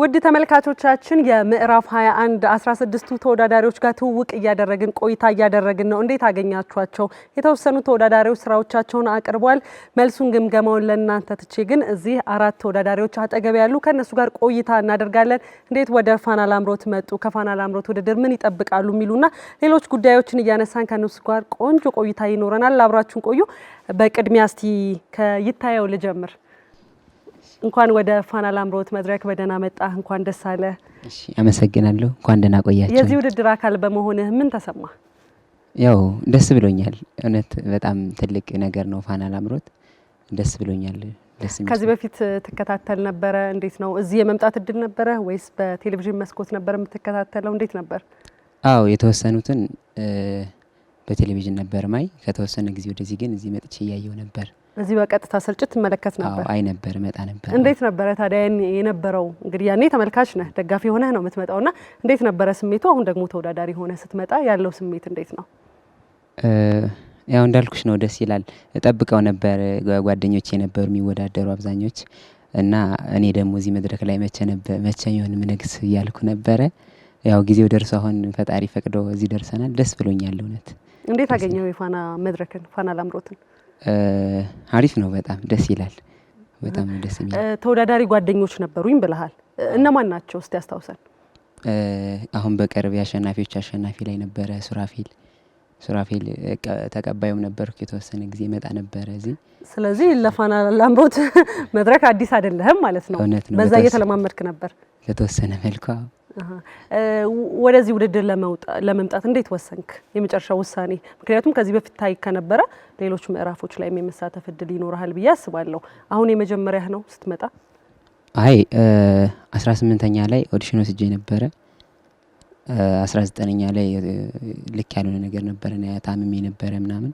ውድ ተመልካቾቻችን የምዕራፍ 21 16ቱ ተወዳዳሪዎች ጋር ትውውቅ እያደረግን ቆይታ እያደረግን ነው። እንዴት አገኛችኋቸው? የተወሰኑ ተወዳዳሪዎች ስራዎቻቸውን አቅርቧል። መልሱን ግምገማውን ለእናንተ ትቼ ግን እዚህ አራት ተወዳዳሪዎች አጠገብ ያሉ ከእነሱ ጋር ቆይታ እናደርጋለን። እንዴት ወደ ፋና ላምሮት መጡ፣ ከፋና ላምሮት ውድድር ምን ይጠብቃሉ የሚሉና ሌሎች ጉዳዮችን እያነሳን ከእነሱ ጋር ቆንጆ ቆይታ ይኖረናል። አብራችሁን ቆዩ። በቅድሚያ እስቲ ከይታየው ልጀምር። እንኳን ወደ ፋና ላምሮት መድረክ በደህና መጣህ። እንኳን ደስ አለ። አመሰግናለሁ። እንኳን ደህና ቆያችሁ። የዚህ ውድድር አካል በመሆንህ ምን ተሰማ? ያው ደስ ብሎኛል። እውነት በጣም ትልቅ ነገር ነው ፋና ላምሮት። ደስ ብሎኛል። ከዚህ በፊት ትከታተል ነበረ? እንዴት ነው እዚህ የመምጣት እድል ነበረ ወይስ በቴሌቪዥን መስኮት ነበር የምትከታተለው? እንዴት ነበር? አዎ የተወሰኑትን በቴሌቪዥን ነበር ማይ ከተወሰነ ጊዜ ወደዚህ ግን እዚህ መጥቼ እያየው ነበር። እዚህ በቀጥታ ስርጭት ትመለከት ነበር? አይ ነበር፣ እመጣ ነበር። እንዴት ነበረ ታዲያ የነበረው? እንግዲህ ያኔ ተመልካች ነህ፣ ደጋፊ ሆነህ ነው የምትመጣውና እንዴት ነበረ ስሜቱ? አሁን ደግሞ ተወዳዳሪ ሆነ ስትመጣ ያለው ስሜት እንዴት ነው? ያው እንዳልኩሽ ነው፣ ደስ ይላል። ጠብቀው ነበር። ጓደኞቼ የነበሩ የሚወዳደሩ አብዛኞች እና እኔ ደግሞ እዚህ መድረክ ላይ መቸኛውን ምነግስ እያልኩ ነበረ። ያው ጊዜው ደርሶ አሁን ፈጣሪ ፈቅዶ እዚህ ደርሰናል። ደስ ብሎኛል እውነት። እንዴት አገኘው የፋና መድረክን ፋና ላምሮትን? አሪፍ ነው። በጣም ደስ ይላል። በጣም ደስ የሚል ተወዳዳሪ ጓደኞች ነበሩኝ ብለሃል። እነማን ናቸው እስቲ ያስታውሰን። አሁን በቅርብ የአሸናፊዎች አሸናፊ ላይ ነበረ ሱራፌል ሱራፌል ተቀባዩም ነበርኩ። የተወሰነ ጊዜ መጣ ነበረ እዚህ። ስለዚህ ለፋና ላምሮት መድረክ አዲስ አይደለህም ማለት ነው። በዛ እየተለማመድክ ነበር በተወሰነ መልኩ ወደዚህ ውድድር ለመምጣት እንዴት ወሰንክ? የመጨረሻ ውሳኔ ምክንያቱም ከዚህ በፊት ታይ ከነበረ ሌሎች ምዕራፎች ላይ የመሳተፍ እድል ይኖርሃል ብዬ አስባለሁ። አሁን የመጀመሪያህ ነው ስትመጣ? አይ አስራ ስምንተኛ ላይ ኦዲሽን ወስጄ ነበረ። አስራ ዘጠነኛ ላይ ልክ ያልሆነ ነገር ነበረ ታምሜ ነበረ ምናምን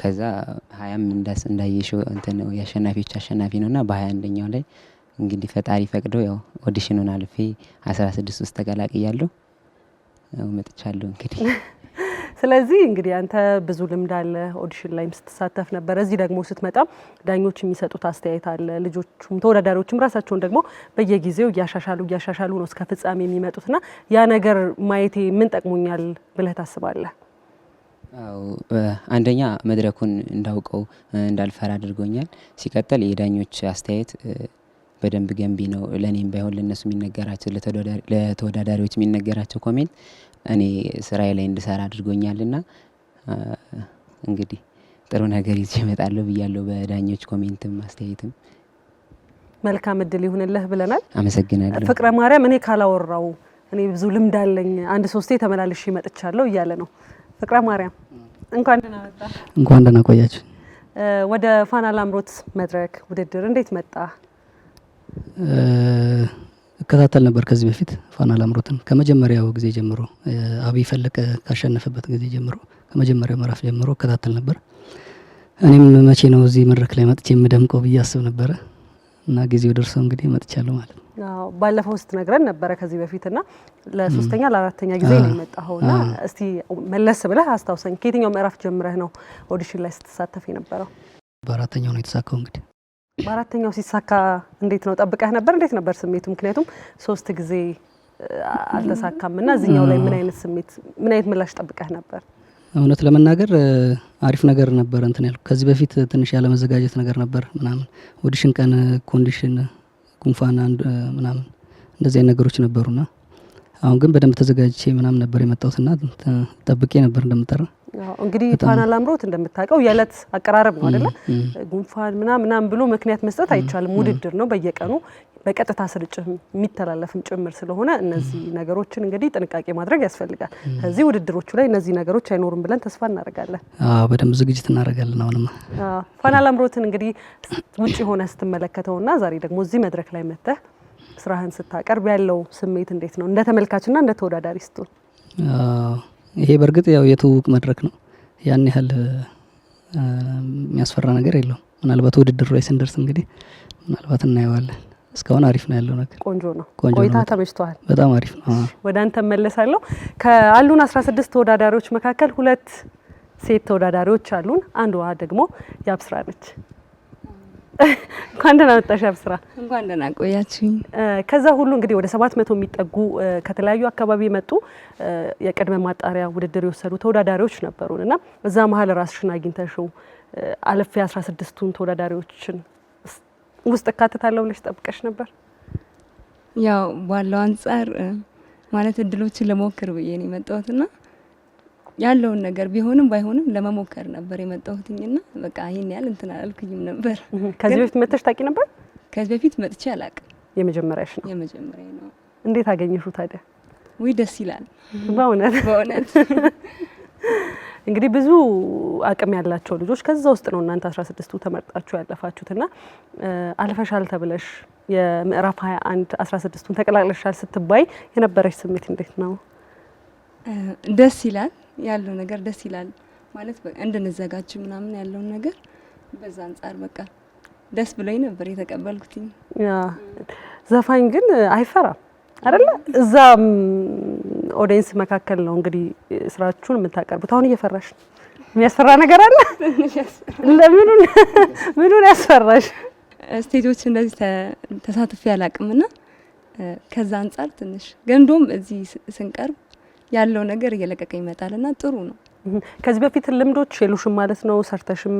ከዛ ሀያም እንዳየሽው ያሸናፊዎች አሸናፊ ነው እና በሀያ አንደኛው ላይ እንግዲህ ፈጣሪ ፈቅዶ ያው ኦዲሽኑን አልፌ አስራ ስድስት ውስጥ ተቀላቅያለሁ መጥቻለሁ። እንግዲህ ስለዚህ እንግዲህ አንተ ብዙ ልምድ አለ፣ ኦዲሽን ላይም ስትሳተፍ ነበር። እዚህ ደግሞ ስትመጣ ዳኞች የሚሰጡት አስተያየት አለ። ልጆቹም ተወዳዳሪዎችም ራሳቸውን ደግሞ በየጊዜው እያሻሻሉ እያሻሻሉ ነው እስከ ፍጻሜ የሚመጡትና ያ ነገር ማየቴ ምን ጠቅሞኛል ብለህ ታስባለህ? አዎ አንደኛ መድረኩን እንዳውቀው እንዳልፈራ አድርጎኛል። ሲቀጥል የዳኞች አስተያየት በደንብ ገንቢ ነው። ለእኔም ባይሆን ለእነሱ የሚነገራቸው ለተወዳዳሪዎች የሚነገራቸው ኮሜንት እኔ ስራዬ ላይ እንድሰራ አድርጎኛልና እንግዲህ ጥሩ ነገር ይዤ እመጣለሁ ብያለሁ። በዳኞች ኮሜንትም አስተያየትም መልካም እድል ይሁንልህ ብለናል። አመሰግናለሁ። ፍቅረ ማርያም እኔ ካላወራው እኔ ብዙ ልምድ አለኝ አንድ ሶስቴ ተመላልሽ ይመጥቻለሁ እያለ ነው። ፍቅረ ማርያም እንኳን ደህና መጣ። እንኳን ደህና ቆያችሁ። ወደ ፋና ላምሮት መድረክ ውድድር እንዴት መጣ? እከታተል ነበር ከዚህ በፊት ፋና ላምሮትን ከመጀመሪያው ጊዜ ጀምሮ አብይ ፈለቀ ካሸነፈበት ጊዜ ጀምሮ ከመጀመሪያው ምዕራፍ ጀምሮ እከታተል ነበር። እኔም መቼ ነው እዚህ መድረክ ላይ መጥቼ የምደምቀው ብዬ አስብ ነበረ እና ጊዜው ደርሶ እንግዲህ መጥቻለሁ ማለት ነው። ባለፈው ውስጥ ነግረን ነበረ ከዚህ በፊት እና ለሶስተኛ ለአራተኛ ጊዜ ነው የመጣኸው እና እስቲ መለስ ብለህ አስታውሰኝ ከየትኛው ምዕራፍ ጀምረህ ነው ኦዲሽን ላይ ስትሳተፍ የነበረው? በአራተኛው ነው የተሳካው እንግዲህ በአራተኛው ሲሳካ እንዴት ነው ጠብቀህ ነበር? እንዴት ነበር ስሜቱ? ምክንያቱም ሶስት ጊዜ አልተሳካም እና እዚህኛው ላይ ምን አይነት ስሜት ምን አይነት ምላሽ ጠብቀህ ነበር? እውነት ለመናገር አሪፍ ነገር ነበር እንትን ያልኩ። ከዚህ በፊት ትንሽ ያለመዘጋጀት ነገር ነበር ምናምን፣ ኦዲሽን ቀን ኮንዲሽን፣ ጉንፋን ምናምን እንደዚህ ነገሮች ነበሩና አሁን ግን በደንብ ተዘጋጅቼ ምናምን ነበር የመጣሁትና ጠብቄ ነበር እንደምጠራ እንግዲህ ቷናል አምሮት እንደምታውቀው የዕለት አቀራረብ ነው አይደለ? ጉንፋን ምናምን ምናምን ብሎ ምክንያት መስጠት አይቻልም። ውድድር ነው በየቀኑ በቀጥታ ስርጭት የሚተላለፍም ጭምር ስለሆነ እነዚህ ነገሮችን እንግዲህ ጥንቃቄ ማድረግ ያስፈልጋል። ከዚህ ውድድሮቹ ላይ እነዚህ ነገሮች አይኖሩም ብለን ተስፋ እናደርጋለን። በደንብ ዝግጅት እናደርጋለን። አሁንም ፋና አምሮትን እንግዲህ ውጭ የሆነ ስትመለከተውና ዛሬ ደግሞ እዚህ መድረክ ላይ መጥተህ ስራህን ስታቀርብ ያለው ስሜት እንዴት ነው? እንደ ተመልካችና እንደ ተወዳዳሪ ስትሆን ይሄ በእርግጥ ያው የትውውቅ መድረክ ነው። ያን ያህል የሚያስፈራ ነገር የለውም። ምናልባት ውድድር ላይ ስንደርስ እንግዲህ ምናልባት እናየዋለን። እስካሁን አሪፍ ነው ያለው ነገር። ቆንጆ ነው ቆይታ ተመችቷል? በጣም አሪፍ ነው። ወደ አንተ መለሳለሁ። ከአሉን 16 ተወዳዳሪዎች መካከል ሁለት ሴት ተወዳዳሪዎች አሉን፣ አንዷ ደግሞ ያብስራ ነች። እንኳን ደህና መጣሽ አብስራ። እንኳን ደህና ቆያችሁኝ። ከዛ ሁሉ እንግዲህ ወደ ሰባት መቶ የሚጠጉ ከተለያዩ አካባቢ የመጡ የቅድመ ማጣሪያ ውድድር የወሰዱ ተወዳዳሪዎች ነበሩን እና እዛ መሀል ራስሽን አግኝተሽው አልፌ አስራ ስድስቱን ተወዳዳሪዎችን ውስጥ እካትታለሁ ብለሽ ጠብቀሽ ነበር? ያው ባለው አንጻር ማለት እድሎችን ለሞክር ብዬ ነው የመጣሁትና ያለውን ነገር ቢሆንም ባይሆንም ለመሞከር ነበር የመጣሁትኝና በቃ ይህን ያህል እንትን አላልኩኝም ነበር። ከዚህ በፊት መጥተሽ ታውቂ ነበር? ከዚህ በፊት መጥቼ አላቅም። የመጀመሪያሽ ነው? የመጀመሪያ ነው። እንዴት አገኘሽው ታዲያ? ውይ ደስ ይላል በእውነት በእውነት። እንግዲህ ብዙ አቅም ያላቸው ልጆች ከዛ ውስጥ ነው እናንተ አስራ ስድስቱ ተመርጣችሁ ያለፋችሁትና አልፈሻል ተብለሽ የምዕራፍ 21 16ቱን ተቀላቅለሻል ስትባይ የነበረሽ ስሜት እንዴት ነው? ደስ ይላል ያለው ነገር ደስ ይላል ማለት እንድንዘጋጅ ምናምን ያለውን ነገር በዛ አንጻር በቃ ደስ ብሎኝ ነበር የተቀበልኩትኝ። ዘፋኝ ግን አይፈራም አይደለ? እዛ ኦዲየንስ መካከል ነው እንግዲህ ስራችሁን የምታቀርቡት። አሁን እየፈራሽ ነው? የሚያስፈራ ነገር አለ? ምኑን ያስፈራሽ? ስቴጆች እንደዚህ ተሳትፌ አላቅምና ከዛ አንጻር ትንሽ ግን እንደውም እዚህ ስንቀርብ ያለው ነገር እየለቀቀ ይመጣል እና ጥሩ ነው። ከዚህ በፊት ልምዶች የሉሽም ማለት ነው? ሰርተሽም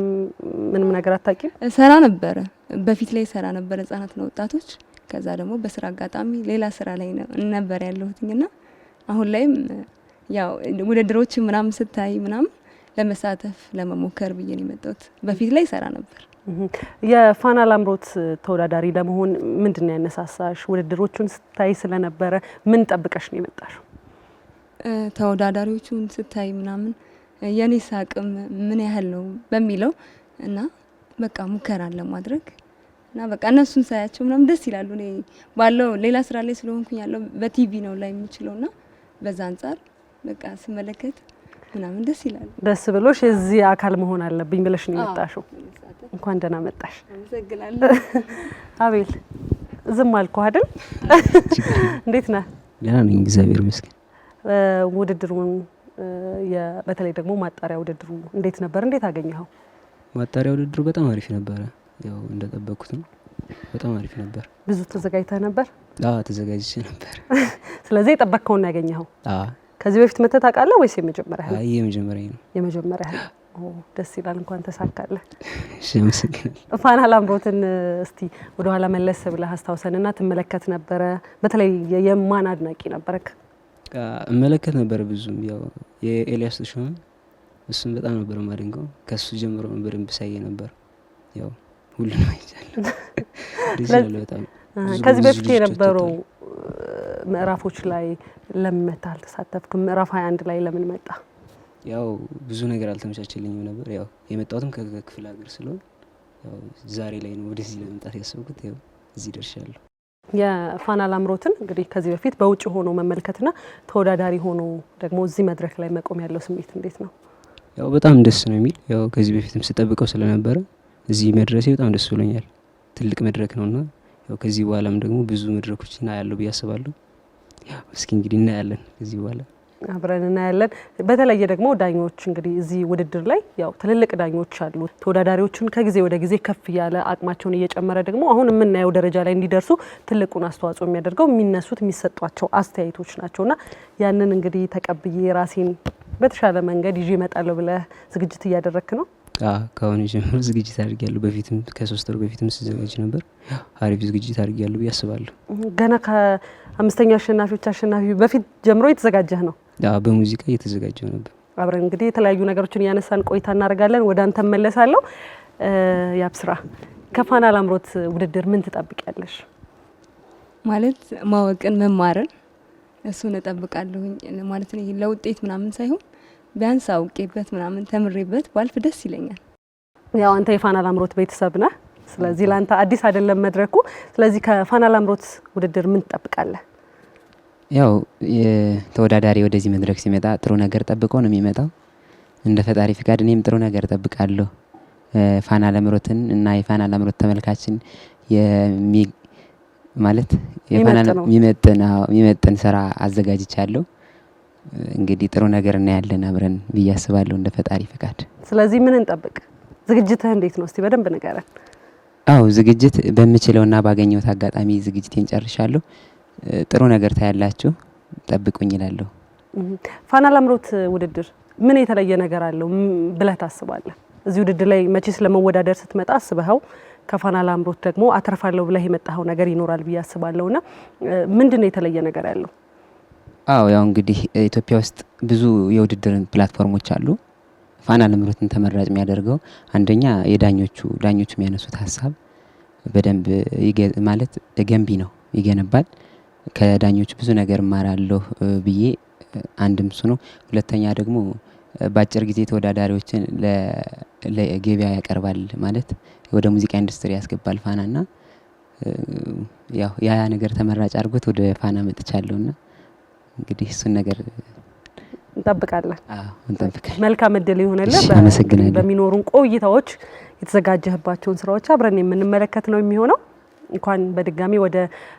ምንም ነገር አታቂም? ሰራ ነበረ በፊት ላይ ሰራ ነበረ ነው ወጣቶች። ከዛ ደግሞ በስራ አጋጣሚ ሌላ ስራ ላይ ነበር ያለሁትኝና አሁን ላይም ያው ውድድሮች ምናምን ስታይ ምናምን ለመሳተፍ ለመሞከር ብዬ ነው የመጣሁት። በፊት ላይ ሰራ ነበር። የፋና ላምሮት ተወዳዳሪ ለመሆን ምንድን ነው ያነሳሳሽ? ውድድሮቹን ስታይ ስለነበረ ምን ጠብቀሽ ነው የመጣሽው? ተወዳዳሪዎቹን ስታይ ምናምን የኔስ አቅም ምን ያህል ነው በሚለው እና በቃ ሙከራ ለማድረግ እና በቃ እነሱን ሳያቸው ምናምን ደስ ይላሉ። እኔ ባለው ሌላ ስራ ላይ ስለሆንኩኝ ያለው በቲቪ ነው ላይ የምችለው እና በዛ አንጻር በቃ ስመለከት ምናምን ደስ ይላል። ደስ ብሎሽ እዚህ አካል መሆን አለብኝ ብለሽ ነው የመጣሽው። እንኳን ደህና መጣሽ። አመሰግናለሁ። አቤል ዝም አልኩ አይደል? እንዴት ነህ? ደህና ነኝ፣ እግዚአብሔር ይመስገን። ውድድሩን በተለይ ደግሞ ማጣሪያ ውድድሩ እንዴት ነበር? እንዴት አገኘኸው? ማጣሪያ ውድድሩ በጣም አሪፍ ነበረ። ያው እንደጠበቅኩት ነው። በጣም አሪፍ ነበር። ብዙ ተዘጋጅተህ ነበር? አዎ ተዘጋጅቼ ነበር። ስለዚህ የጠበቅከውን ያገኘኸው? ከዚህ በፊት መተህ ታውቃለህ ወይስ የመጀመሪያ? አይ የመጀመሪያ ነው። የመጀመሪያ ደስ ይላል። እንኳን ተሳካለህ። ፋና ላምሮትን እስቲ ወደኋላ መለስ ብለህ አስታውሰንና ትመለከት ነበረ። በተለይ የማን አድናቂ ነበረክ? በቃ እመለከት ነበር ብዙም ያው የኤልያስ ተሾመን እሱም በጣም ነበር ማድንገው ከሱ ጀምሮ ነበር ሳየ ነበር ያው ሁሉም አይቻለሁ። ከዚህ በፊት የነበረው ምዕራፎች ላይ ለምን መታ አልተሳተፍክም? ምዕራፍ ሀያ አንድ ላይ ለምን መጣ? ያው ብዙ ነገር አልተመቻቸልኝም ነበር። ያው የመጣሁትም ከክፍለ ሀገር ስለሆን ያው ዛሬ ላይ ነው ወደዚህ ለመምጣት ያሰብኩት። ያው እዚህ ደርሻለሁ። የፋና ላምሮትን እንግዲህ ከዚህ በፊት በውጭ ሆኖ መመልከትና ተወዳዳሪ ሆኖ ደግሞ እዚህ መድረክ ላይ መቆም ያለው ስሜት እንዴት ነው? ያው በጣም ደስ ነው የሚል ያው ከዚህ በፊትም ስጠብቀው ስለነበረ እዚህ መድረሴ በጣም ደስ ብሎኛል። ትልቅ መድረክ ነውና ያው ከዚህ በኋላም ደግሞ ብዙ መድረኮች ና ያለው ብዬ አስባለሁ። ያው እስኪ እንግዲህ እናያለን ከዚህ በኋላ አብረን እናያለን። በተለየ ደግሞ ዳኞች እንግዲህ እዚህ ውድድር ላይ ያው ትልልቅ ዳኞች አሉ። ተወዳዳሪዎቹን ከጊዜ ወደ ጊዜ ከፍ እያለ አቅማቸውን እየጨመረ ደግሞ አሁን የምናየው ደረጃ ላይ እንዲደርሱ ትልቁን አስተዋጽኦ የሚያደርገው የሚነሱት የሚሰጧቸው አስተያየቶች ናቸው እና ያንን እንግዲህ ተቀብዬ ራሴን በተሻለ መንገድ ይዤ እመጣለሁ ብለህ ዝግጅት እያደረክ ነው? ከአሁኑ ጀምሮ ዝግጅት አድርጊያለሁ። በፊትም ከሶስት ወር በፊትም ስዘጋጅ ነበር። አሪፍ ዝግጅት አድርጊያለሁ ብዬ አስባለሁ። ገና ከአምስተኛው አሸናፊዎች አሸናፊ በፊት ጀምሮ የተዘጋጀህ ነው? በሙዚቃ እየተዘጋጀው ነበር። አብረን እንግዲህ የተለያዩ ነገሮችን እያነሳን ቆይታ እናደርጋለን። ወደ አንተ መለሳለሁ። ያብስራ ከፋና ላምሮት ውድድር ምን ትጠብቂያለሽ? ማለት ማወቅን መማርን እሱን እጠብቃለሁኝ ማለት ነው። ለውጤት ምናምን ሳይሆን ቢያንስ አውቄበት ምናምን ተምሬበት ባልፍ ደስ ይለኛል። ያው አንተ የፋና ላምሮት ቤተሰብ ነህ፣ ስለዚህ ለአንተ አዲስ አይደለም መድረኩ። ስለዚህ ከፋና ላምሮት ውድድር ምን ትጠብቃለህ? ያው ተወዳዳሪ ወደዚህ መድረክ ሲመጣ ጥሩ ነገር ጠብቆ ነው የሚመጣው። እንደ ፈጣሪ ፍቃድ እኔም ጥሩ ነገር ጠብቃለሁ። ፋና ለምሮትን እና የፋና ለምሮት ተመልካችን ማለት የሚመጥን ስራ አዘጋጅቻለሁ። እንግዲህ ጥሩ ነገር እናያለን አብረን ብዬ አስባለሁ እንደ ፈጣሪ ፍቃድ። ስለዚህ ምን እንጠብቅ? ዝግጅትህ እንዴት ነው? እስቲ በደንብ ንገረን። አው ዝግጅት በምችለውና ባገኘሁት አጋጣሚ ዝግጅቴን ጨርሻለሁ። ጥሩ ነገር ታያላችሁ፣ ጠብቁኝ ይላለሁ። ፋና ላምሮት ውድድር ምን የተለየ ነገር አለው ብለህ ታስባለህ? እዚህ ውድድር ላይ መቼስ ለመወዳደር ስትመጣ አስበኸው ከፋና ላምሮት ደግሞ አተርፋለሁ ብለህ የመጣኸው ነገር ይኖራል ብዬ አስባለሁ። እና ምንድን ነው የተለየ ነገር ያለው? አዎ ያው እንግዲህ ኢትዮጵያ ውስጥ ብዙ የውድድር ፕላትፎርሞች አሉ። ፋና ላምሮትን ተመራጭ የሚያደርገው አንደኛ የዳኞቹ ዳኞቹ የሚያነሱት ሀሳብ በደንብ ማለት ገንቢ ነው፣ ይገነባል ከዳኞች ብዙ ነገር እማራለሁ ብዬ አንድም እሱ ነው። ሁለተኛ ደግሞ በአጭር ጊዜ ተወዳዳሪዎችን ለገበያ ያቀርባል ማለት ወደ ሙዚቃ ኢንዱስትሪ ያስገባል ፋና ና ያ ነገር ተመራጭ አድርጎት ወደ ፋና መጥቻለሁ እና እንግዲህ እሱን ነገር እንጠብቃለን መልካም እድል ይሆንልህ። በሚኖሩን ቆይታዎች የተዘጋጀህባቸውን ስራዎች አብረን የምንመለከት ነው የሚሆነው። እንኳን በድጋሚ ወደ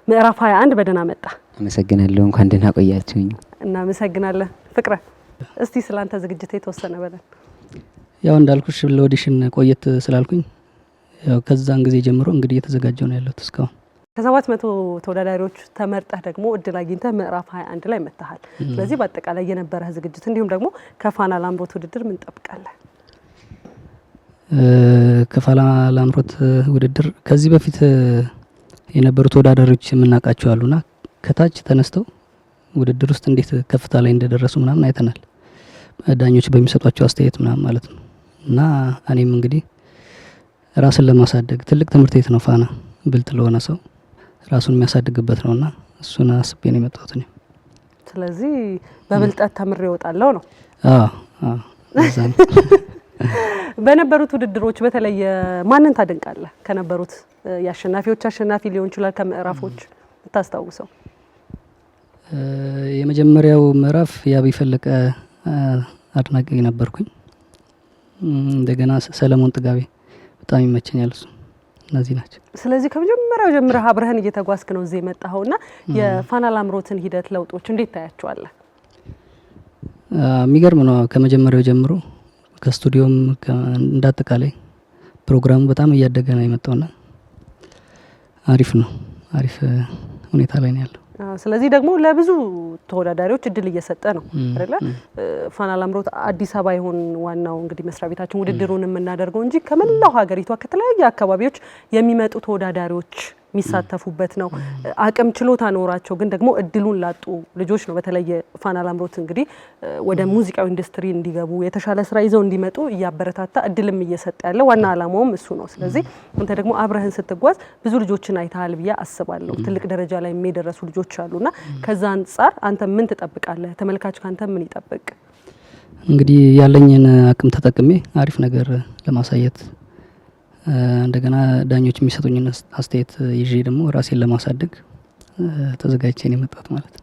ምዕራፍ 21 በደህና መጣ። አመሰግናለሁ። እንኳን ደህና ቆያችሁኝ። እናመሰግናለን። ፍቅረ እስቲ ስላንተ ዝግጅት የተወሰነ በለን። ያው እንዳልኩሽ ለኦዲሽን ቆየት ስላልኩኝ ያው ከዛን ጊዜ ጀምሮ እንግዲህ እየተዘጋጀው ነው ያለሁት እስካሁን ከሰባት መቶ ተወዳዳሪዎች ተመርጠህ ደግሞ እድል አግኝተህ ምዕራፍ 21 ላይ መጥተሃል። ስለዚህ በአጠቃላይ የነበረህ ዝግጅት እንዲሁም ደግሞ ከፋና ላምሮት ውድድር ምን ጠብቃለህ? ከፋና ላምሮት ውድድር ከዚህ በፊት የነበሩ ተወዳዳሪዎች የምናውቃቸው አሉና ከታች ተነስተው ውድድር ውስጥ እንዴት ከፍታ ላይ እንደደረሱ ምናምን አይተናል። ዳኞች በሚሰጧቸው አስተያየት ምናምን ማለት ነው። እና እኔም እንግዲህ ራስን ለማሳደግ ትልቅ ትምህርት ቤት ነው ፋና ብልጥ ለሆነ ሰው ራሱን የሚያሳድግበት ነውና እሱን አስቤ ነው የመጣሁት እኔ። ስለዚህ በብልጠት ተምሬ እወጣለሁ ነው? አዎ አዎ። በነበሩት ውድድሮች በተለየ ማንን ታደንቃለህ? ከነበሩት የአሸናፊዎች አሸናፊ ሊሆን ይችላል ከምዕራፎች ብታስታውሰው። የመጀመሪያው ምዕራፍ የአብይ ፈለቀ አድናቂ ነበርኩኝ። እንደገና ሰለሞን ጥጋቤ በጣም ይመቸኛል እሱ። እነዚህ ናቸው። ስለዚህ ከመጀመሪያው ጀምረህ አብረህን እየተጓዝክ ነው እዚህ የመጣኸው እና የፋና ላምሮትን ሂደት ለውጦች እንዴት ታያቸዋለህ? የሚገርም ነው። ከመጀመሪያው ጀምሮ ከስቱዲዮም እንዳጠቃላይ ፕሮግራሙ በጣም እያደገ ነው የመጣውና አሪፍ ነው፣ አሪፍ ሁኔታ ላይ ነው ያለው። ስለዚህ ደግሞ ለብዙ ተወዳዳሪዎች እድል እየሰጠ ነው አይደለ? ፋና ላምሮት አዲስ አበባ ይሆን ዋናው እንግዲህ መስሪያ ቤታችን ውድድሩን የምናደርገው እንጂ ከመላው ሀገሪቷ ከተለያዩ አካባቢዎች የሚመጡ ተወዳዳሪዎች የሚሳተፉበት ነው። አቅም ችሎታ ኖራቸው ግን ደግሞ እድሉን ላጡ ልጆች ነው በተለየ ፋና ላምሮት እንግዲህ ወደ ሙዚቃው ኢንዱስትሪ እንዲገቡ የተሻለ ስራ ይዘው እንዲመጡ እያበረታታ እድልም እየሰጠ ያለ ዋና አላማውም እሱ ነው። ስለዚህ አንተ ደግሞ አብረህን ስትጓዝ ብዙ ልጆችን አይተሃል ብዬ አስባለሁ። ትልቅ ደረጃ ላይ የሚደረሱ ልጆች አሉና ከዛ አንጻር አንተ ምን ትጠብቃለህ? ተመልካች ከአንተ ምን ይጠብቅ? እንግዲህ ያለኝን አቅም ተጠቅሜ አሪፍ ነገር ለማሳየት እንደገና ዳኞች የሚሰጡኝን አስተያየት ይዤ ደግሞ ራሴን ለማሳደግ ተዘጋጅቼ የመጣት ማለት ነው።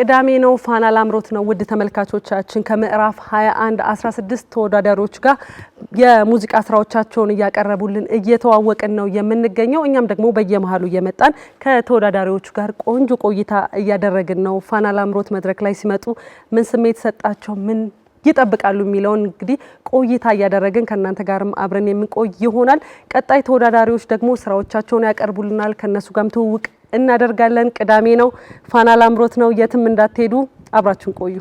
ቅዳሜ ነው ፋና ላምሮት ነው። ውድ ተመልካቾቻችን ከምዕራፍ 21 16 ተወዳዳሪዎች ጋር የሙዚቃ ስራዎቻቸውን እያቀረቡልን እየተዋወቅን ነው የምንገኘው። እኛም ደግሞ በየመሀሉ እየመጣን ከተወዳዳሪዎቹ ጋር ቆንጆ ቆይታ እያደረግን ነው። ፋና ላምሮት መድረክ ላይ ሲመጡ ምን ስሜት ሰጣቸው? ምን ይጠብቃሉ የሚለውን እንግዲህ ቆይታ እያደረግን ከእናንተ ጋርም አብረን የምንቆይ ይሆናል። ቀጣይ ተወዳዳሪዎች ደግሞ ስራዎቻቸውን ያቀርቡልናል። ከእነሱ ጋርም ትውውቅ እናደርጋለን። ቅዳሜ ነው፣ ፋና ላምሮት ነው። የትም እንዳትሄዱ፣ አብራችን ቆዩ።